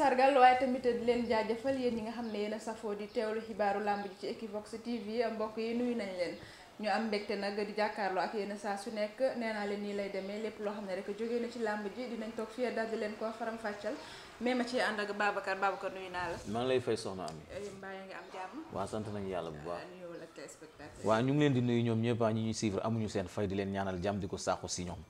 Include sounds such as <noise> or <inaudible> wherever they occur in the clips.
sargal waaye tamit di leen jaajëfal yéen ñi nga xam ne yéen a safoo di lu xibaaru làmb ji ci Equivox TV mbokk yi nuyu nañ leen ñu am mbégte nag di jàkkaarloo ak yenn saa su nekk nee naa leen nii lay demee lépp loo xam ne rek jógee na ci làmb ji dinañ toog fii daal di leen koo faram fàccal mais ma ci ànd ak Babacar Babacar nuyu naa la. maa lay fay soxna Ami. Eh, mbaa yaa ngi waa sant nañu yàlla bu baax. waa ñu ngi leen di nuyu ñoom ñëpp ñi ñuy suivre amuñu seen fay di leen ñaanal jàmm di ko saaxu si ñoom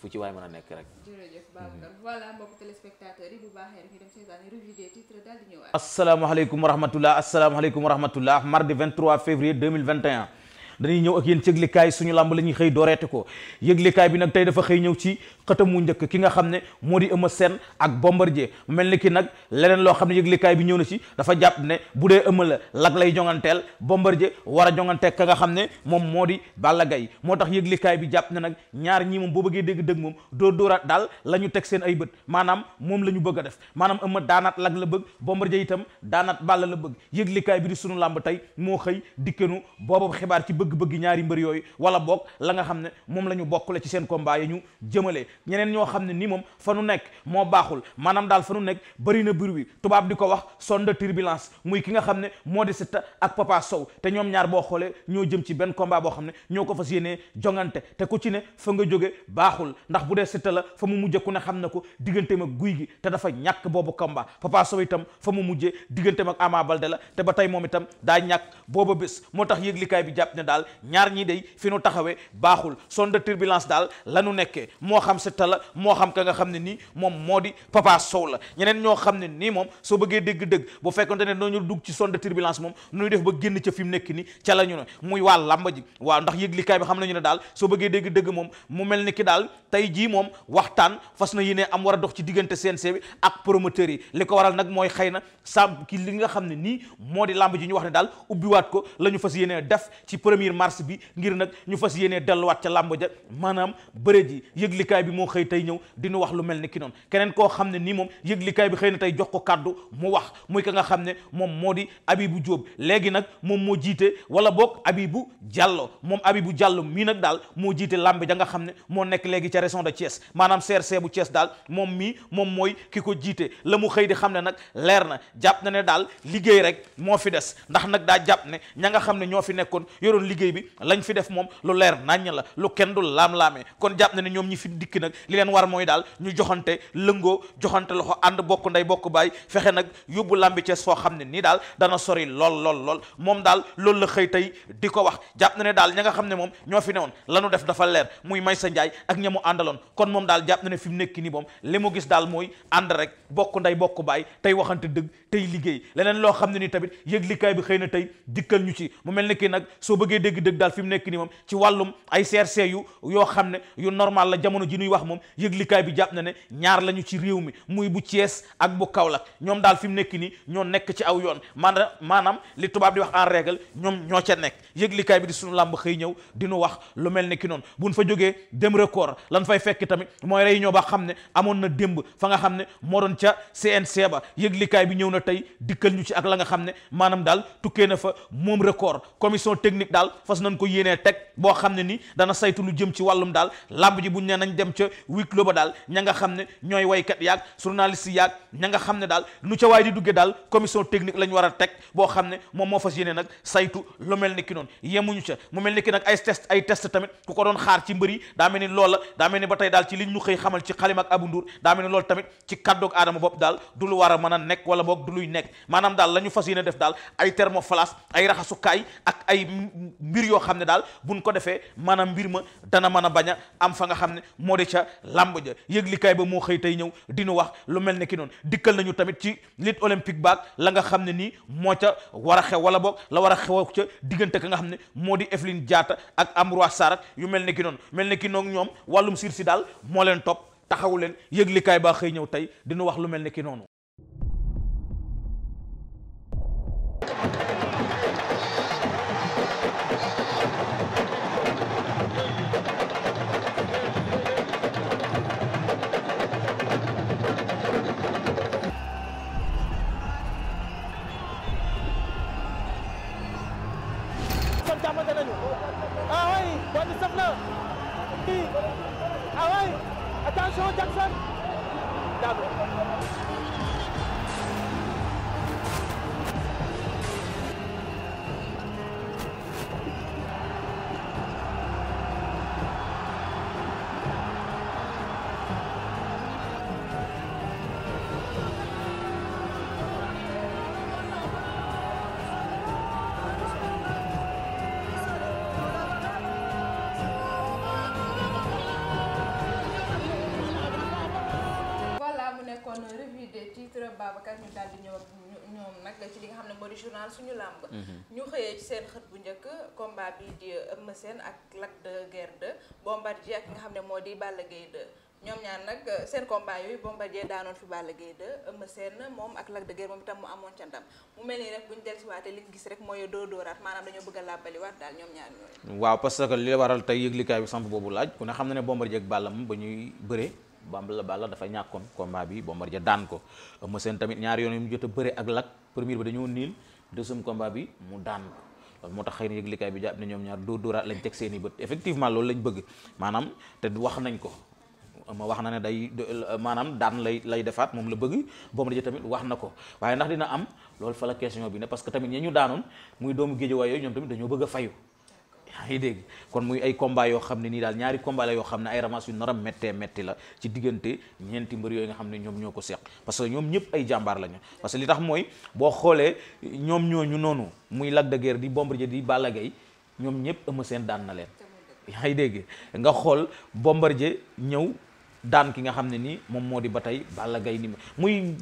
fu ci waay mën a nekk rek. jërëjëf Babacar mm-hmm. voilà mbokk téléspectateurs yi bu baaxee rek ñu dem seetaan revue des titres daal di ñëwaat. asalaamaaleykum wa rahmatulah asalaamaaleykum wa rahmatulah mardi 23 février 2021. dañuy ñëw ak yéen ci yëglikaay suñu làmb la ñuy xëy dooreete ko yëglikaay bi nag tey dafa xëy ñëw ci xëtam mu njëkk ki nga xam ne moo di Eumeu seen ak Bombardier mel ni ki nag leneen loo xam ne yëglikaay bi ñëw na ci dafa jàpp ne bu dee Eumeu la Lac lay jonganteel Bombardier war a jongante ka nga xam ne moom moo di Balla Gaye moo tax yëglikaay bi jàpp ne nag ñaar ñii moom boo bëggee dégg dëgg moom dóor dóoraat daal la ñu teg seen ay bët maanaam moom la ñu bëgg def maanaam Eumeu daanaat Lac la bëgg Bombardier itam daanaat Balla la bëgg yëglikaay bi di suñu làmb tey moo xëy dikkenu boobu xibaar ci bëgg bëgg-bëgg ñaari mbër yooyu wala boog la nga xam ne moom la ñu bokk la ci seen combat yi ñu jëmale ñeneen ñoo xam ne ni moom fa nu nekk moo baaxul maanaam daal fa nu nekk bëri na bir wi tubaab di ko wax son de turbulence muy ki nga xam ne moo di Siteu ak Papa Sow te ñoom ñaar boo xoolee ñoo jëm ci benn combat boo xam ne ñoo ko fas yéenee jongante te ku ci ne fa nga jóge baaxul ndax bu dee Siteu la fa mu mujje ku ne xam ne ko digganteem ak guy gi te dafa ñàkk boobu combat Papa la te ba tey moom itam daa ñàkk booba bés moo daal ñaar ñi day fi nu taxawee baaxul zone turbulence daal la nu nekkee moo xam Siteu la moo xam ka nga xam ne nii moom moo di Papa Sow la ñeneen ñoo xam ne nii moom soo bëggee dégg-dëgg bu fekkonte ne dooñu dugg ci zone de turbulence moom nuy def ba génn ca fi mu nekk nii ca la ñu ne muy waa làmb ji waaw ndax yëglikaay bi xam nañu ne daal daal tey jii moom waxtaan fas na yéene am war a dox ci diggante CNG bi ak promoteurs yi li ko waral nag mooy xëy na sam ki li nga xam ne nii moo di làmb ji ñu wax ne daal ubbiwaat ko la ñu fas yéene def ci premier premier mars bi ngir nag ñu fas yéenee delluwaat ca làmb ja maanaam bëre ji yëglikaay bi moo xëy tey ñëw di wax lu mel ni ki noonu keneen koo xam ne nii moom yëglikaay bi xëy na tey jox ko kàddu mu wax muy ka nga xam ne moom moo di Abibou Diop léegi nag moom moo jiite wala boog Abibou Diallo moom Abibou Diallo mii nag daal moo jiite làmb ja nga xam ne moo nekk léegi ca région de Thiès maanaam CRC bu Thiès daal moom mii moom mooy ki ko jiite la mu xëy di xam ne nag leer na jàpp na ne daal liggéey rek moo fi des ndax nag daa jàpp ne ña nga xam ne ñoo fi nekkoon yoroon liggéey bi lañ fi def moom lu leer naññ la lu kenn dul laam-laamee kon jàpp na ne ñoom ñi fi dikk nag li leen war mooy daal ñu joxante lëngoo joxante loxo ànd xam ne nii daal dana sori lool lool lool moom daal loolu la xëy tey di ko wax jàpp ne daal ña nga xam ne moom ñoo fi newoon la def dafa leer muy may sa Njaay ak ña mu àndaloon kon moom daal jàpp na ne fi mu nekk nii moom li mu gis daal mooy ànd rek bokk ndey bokk baay tey waxante dëgg tey liggéey leneen loo xam ne nii tamit yëglikaay bi xëy na tey dikkal ñu ci mu mel ne nag soo bëggee dégg-dégg daal fi mu nekk nii moom ci wàllum ay CRC yu yoo xam ne yu normal la jamono ji ñuy wax moom yëglikaay bi jàpp na ne ñaar lañu ci réew mi muy bu Thiès ak bu kaw Kaolack ñoom daal fi mu nekk nii ñoo nekk ci aw yoon maanaam maanaam li tubaab di wax en règle ñoom ñoo ca nekk yëglikaay bi di suñu làmb xëy ñëw di nu wax lu mel ne ki noonu buñ fa jógee dem record lan fay fekk tamit mooy rey réunion ba xam ne amoon na démb fa nga xam ne moo doon ca CNC ba yëglikaay bi ñëw na tey dikkal ñu ci ak la nga xam ne maanaam daal tukkee na fa moom record commission technique fas nañ ko yéenee teg boo xam ne ni dana saytu lu jëm ci wàllum daal làmb ji buñ ne nañ dem ca huis clos daal ña nga xam ne ñooy waykat yaag journaliste yaag ña nga xam ne daal nu ca waay di duggee daal commission technique lañ war a teg boo xam ne moom moo fas yéene nag saytu lu mel ni ki noonu yemuñu ca mu mel ni ki nag ay test ay test tamit ku ko doon xaar ci mbër yi daa mel ni loola daa mel ni ba tey daal ci liñ ñu xëy xamal ci xalim ak abu nduur daa mel loolu tamit ci kàddoog aadama bopp daal du lu war a mën a nekk wala boog du luy nekk maanaam daal la ñu fas yéene def daal ay thermoflash ay raxasukaay ak ay mbir yoo xam ne daal bu buñ ko defee maanaam mbir ma dana mën a bañ a am fa nga xam ne moo de ca làmb ja yëglikaay ba moo xëy tey ñëw dinu wax lu mel ne ki noonu dikkal nañu tamit ci lutte olympique baag la nga xam ne nii moo ca war a xew wala la war a xew ca diggante ka nga xam ne moo di Evelyne Diatta ak Ambroise Sarr yu mel ne ki noonu mel ne ki noonu ñoom wàllum siir si daal moo leen topp taxawu leen yëglikaay baa xëy ñëw tey dinu wax lu mel ne ki noonu kon revue des titres Babacar ñu daal di ñoom nag ci li nga xam ne moo di journal suñu làmb mhm. ñu xëyee ci seen xët bu njëkk combat bi di Eumeu Sène ak Lac de Guiers 2 Bombardier ak nga xam ne moo di Balla Gaye 2 ñoom ñaar nag seen combat yooyu Bombardier daanoon fi Balla Gaye 2 Eumeu Sène moom ak Lac de Guiers moom itam mu amoon ca ndam mu mel nii rek bu ñu dellusiwaatee li ñu gis rek mooy doo dooraat maanaam dañoo bëgg a làbbaliwaat daal ñoom ñaar ñooyu waaw parce que li waral tey yëglikaay bi samp boobu laaj ku ne xam na ne Bombardier ak Balla moom ba ñuy bëree Balla Balla dafa ñàkkoon combat bi Bombardier daan ko Eumeu Sène tamit ñaari yoon yu mu jot a bëre ak Lac premier bi dañoo niil deuxième combat bi mu daan moo tax xëy na yëglikaay bi jàpp ne ñoom ñaar dóor dóoraat lañ teg seeni i bët effectivement loolu lañ bëgg maanaam te wax nañ ko ma wax na ne day maanaam daan lay lay defaat moom la bëgg Bombardier tamit wax na ko waaye ndax dina am loolu fa la question bi ne parce que tamit ñi ñu daanoon muy doomu géejawaay yooyu ñoom tamit dañoo bëgg a fayu yaa ngi dégg kon muy ay combat yoo xam ne nii daal ñaari combat la yoo xam ne ay ramas yu nar a méttee métti la ci diggante ñeenti mbër yooyu nga xam ne ñoom ñoo ko seq parce que ñoom ñëpp ay jàmbaar lañu parce que li tax mooy boo xoolee ñoom ñoo ñu noonu muy Lac de Guiers di Bombardier di Balla Gaye ñoom ñëpp Eumeu Sène daan na leen yaa ngi dégg nga xool Bombardier ñëw daan ki nga xam ne nii moom moo di ba tey Balla Gaye ni muy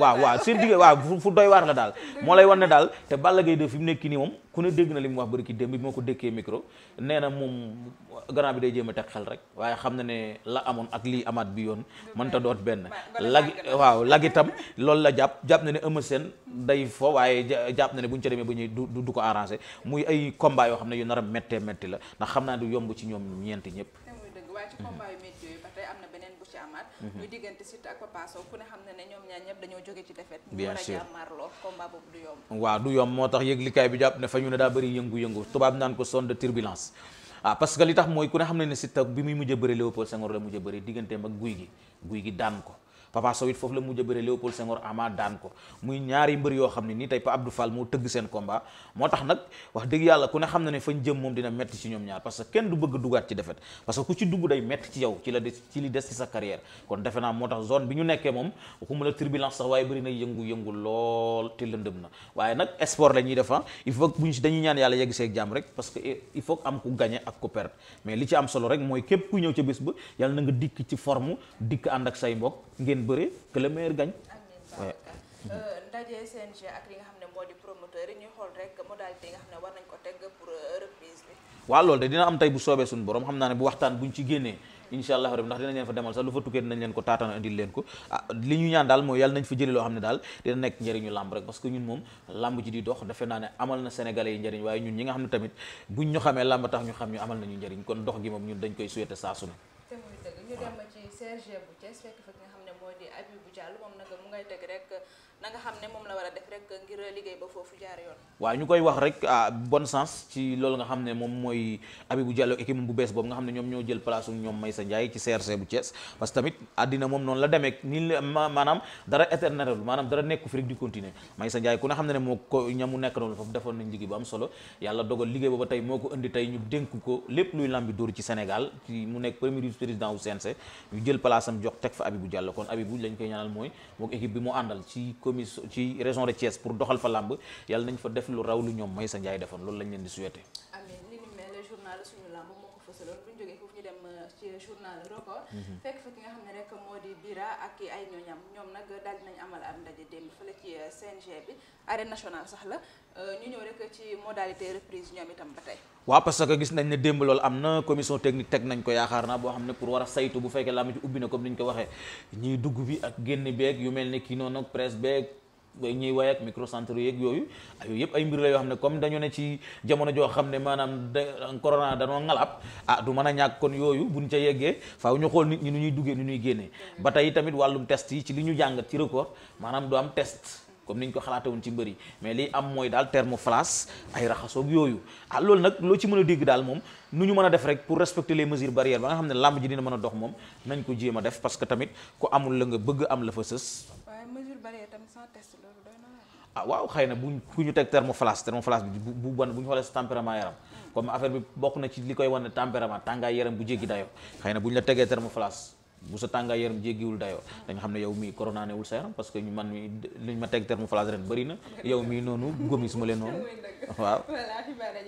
waaw waaw seen digg waaw fu doy waar la daal <laughs> moo lay wan ne daal te Balla Gaye de fi mu nekk nii moom ku ne dégg na li mu wax bëri ki démb bi moo ko dékkee micro nee na moom grand bi day jéem a teg xel rek waaye xam na ne la amoon ak lii amaat bi yoon mënta doot benn lagi waaw lag itam <laughs> loolu la jàpp jàpp na ne Eumeu Sène day fo waaye jàpp na ne bu ñu ca demee ba ñuy du du ko arrangé muy ay combat yoo xam ne yu nar méttee métti la ndax xam naa du yomb ci ñoom ñeenti ñëpp waaye ci combat yu métti yooyu ba tey am na beneen bu ci amaat mhm. muy diggante Siteu ak Papa Sow ku ne xam na ne ñoom ñaar ñëpp dañoo jóge ci defet a bi jàpp ne ñu ne daa bëri yëngu-yëngu tubaab naan ko sonde de turbulence ah parce que li tax mooy ku ne xam ne ne Siteu bi muy mujj a bëri Léopold la mujj a digganteem ak guy gi guy gi daan ko Papa Sow it foofu la mujj a bëre Léopold Senghor daan ko muy ñaari mbër yoo xam ne nii tey Pa Abdou Fall moo tëgg seen combat moo tax nag wax dëgg yàlla ku ne xam na ne fañ jëm moom dina metti ci ñoom ñaar parce que kenn du bëgg dugaat ci defet parce que ku ci dugg day metti ci yow ci la des ci li des ci sa carrière kon defe naa moo tax zone bi ñu nekkee moom waxuma la turbulence sax waaye bëri na yëngu-yëngu lool te lëndëm na waaye nag sport la ñuy defa ah il faut buñ ñaan yàlla yegg seeg jàmm rek parce que il faut am am solo rek mooy képp ku ñëw ca bés ba yàlla na nga dikk ci forme dikk bëre que le meilleur gagne. Euh, nga xam ne moo di promoteur yi ñuy xool rek modalité yi nga euh, de dina am tey bu soobee suñu borom xam naa ne bu waxtaan buñ ci génnee. incha allah rabi ndax dinañ leen fa demal sax lu fa tukkee dinañ leen ko taatana indil leen ko ah li ñu ñaan daal mooy yàlla nañ fa jëlee loo xam ne daal dina nekk njëriñu làmb rek parce que ñun moom làmb ji di dox defe naa ne amal na sénégalais yi njëriñ waaye ñun ñi nga xam ne tamit buñ ñu xamee làmb tax ñu xam ñu amal nañu njëriñ kon dox gi moom ñun dañ koy souhaiter saa su moo di Abibou Diallo moom nag mu ngay teg rek na xam ne moom la war a def rek ngir liggéey ba foofu jaar yoon. waaw ñu koy wax rek bon sens ci loolu nga xam ne moom mooy Abibou Diallo équipe bu bees boobu nga ne ñoom ñoo jël place ñoom Maysa Ndiaye ci CRC bu Thiès parce que tamit àddina moom noonu la demee nii la maanaam dara éternel maanaam dara nekku fi di continuer Maysa Ndiaye ku ne xam ne ne moo ko ñamu nekk noonu foofu defoon nañ liggéey bu am solo yàlla dogal liggéey booba tey moo ko indi tey ñu dénk ko lépp luy lambi dóor ci Sénégal mu nekk premier vice président wu CNC ñu jël place am jox teg fa Abibou Diallo kon bu Abibou lañ koy ñaanal mooy moo équipe bi mu àndal ci commission ci région de Thiès pour doxal fa làmb yàlla nañ fa def lu raw lu ñoom Maysa Ndiaye defoon loolu lañ leen di souhaiter journal record mhm. fekk nga xam ne rek moo di Bira ak ay ñooñam ñoom nag daal dinañ amal am ndaje démb fële ci euh, CNG bi arène nationale sax la euh, ñu ñëw rek ci modalité reprise ñoom itam ba tey waaw parce que gis nañ ne démb loolu am na commission technique teg nañ ko yaakaar naa boo xam ne pour war a saytu bu fekkee laa ma ci ubbi na comme ni ñu ko waxee ñiy dugg bi ak génn beeg yu mel ne kii noonu ak presse beeg ñuy waaye ak microcentre yeeg yooyu ah, yooyu yëpp ay mbir la yoo xam ne comme dañu ne ci jamono joo xam ne maanaam corona danoo ngalab ah du mën a ñàkk kon yooyu buñ ca yeggee faw ñu xool nit ñi nu ñuy duggee nu ñuy génnee mm-hmm. ba tey tamit wàllum test yi ci li ñu jàngat ci record maanaam du am test comme ni ñu ko xalaate woon ci mbër yi mais li am mooy daal thermoflash ay raxasoog yooyu ah loolu nag loo ci mën a digg daal moom nu ñu mën a def rek pour respecter les mesures barrières ba nga ne làmb ji dina mën dox moom nañ ko jéem a def parce que tamit ku amul la nga bëgg am la fa sës mesure barrière tam sans test loolu na ah waaw xëy na buñ ku ñu teg thermoflash thermoflash bi bu bu bu ñu xoolee sa tempérament yaram mm. comme affaire bi bokk na ci li koy wan ne tempérament tàngaay yaram bu jéggi dayoo xëy na bu ñu la tegee thermoflash bu sa tàngaay yaram jéggiwul dayoo da xam ne yow mii corona newul sa yaram parce que ñu man mi liñ ma teg thermoflage ren bëri na <laughs> yow mii noonu gómi su ma leen noonu <laughs> waaw euh,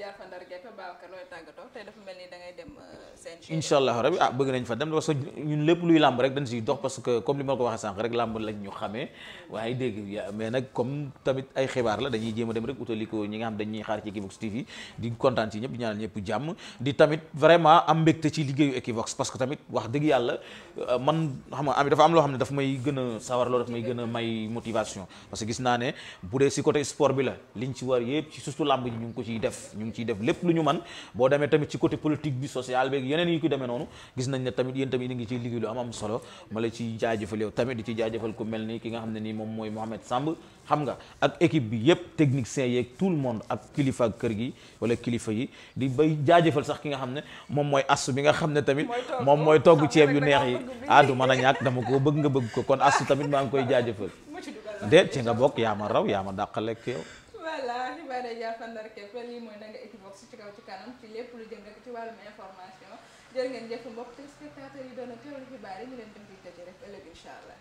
incha allah rabi ah bëgg nañ fa dem parce que ñu lépp luy làmb rek dañ siy dox parce que comme li ma ko waxee sànq rek làmb lañ ñu xamee waaye dégg mais nag comme tamit ay xibaar la dañuy jéem a dem rek utali ko ñi nga xam dañuy xaar ci Equivox TV di kontaan ci ñëpp di ñaanal ñëpp jàmm di tamit vraiment am mbégte ci liggéeyu Equivox parce que tamit wax dëgg yàlla Euh, man xam nga am dafa am loo xam ne dafa may gën a sawar daf may gën a may motivation parce que gis naa ne bu dee si côté sport bi la liñ ci war yëpp ci surtout làmb ñu ngi ko ciy def ñu ngi ciy def lépp lu ñu man boo demee tamit ci politique bi social beeg yeneen yi ko demee noonu gis nañ ne tamit yéen ngi ciy liggéey lu am am solo tamit di ci jaajëfal ku mel ni ki nga xam ne nii moom mooy Samb xam nga ak équipe bi yëpp technicien yeeg tout le monde ak kilifa ak kër gi wala kilifa yi di bay jaajëfal sax ki nga xam ne moom mooy ass bi nga xam ne tamit moom mooy togg ceeb yu neex yi ah man a ñàkk dama koo bëgg nga bëgg ko kon astu tamit maa ngi koy jaajëfal déet ci nga bokk yaa ma raw yaa ma dàqal ak yow voilà xibaar yi jàppandar képp lii mooy da Equivox ci kaw ci kanam ci lépp lu jëm rek ci wàllum information jërë ngeen jëf mbokk téléspectateurs yi doon a teewlu ñu leen dem di daje rek ëllëg incha allah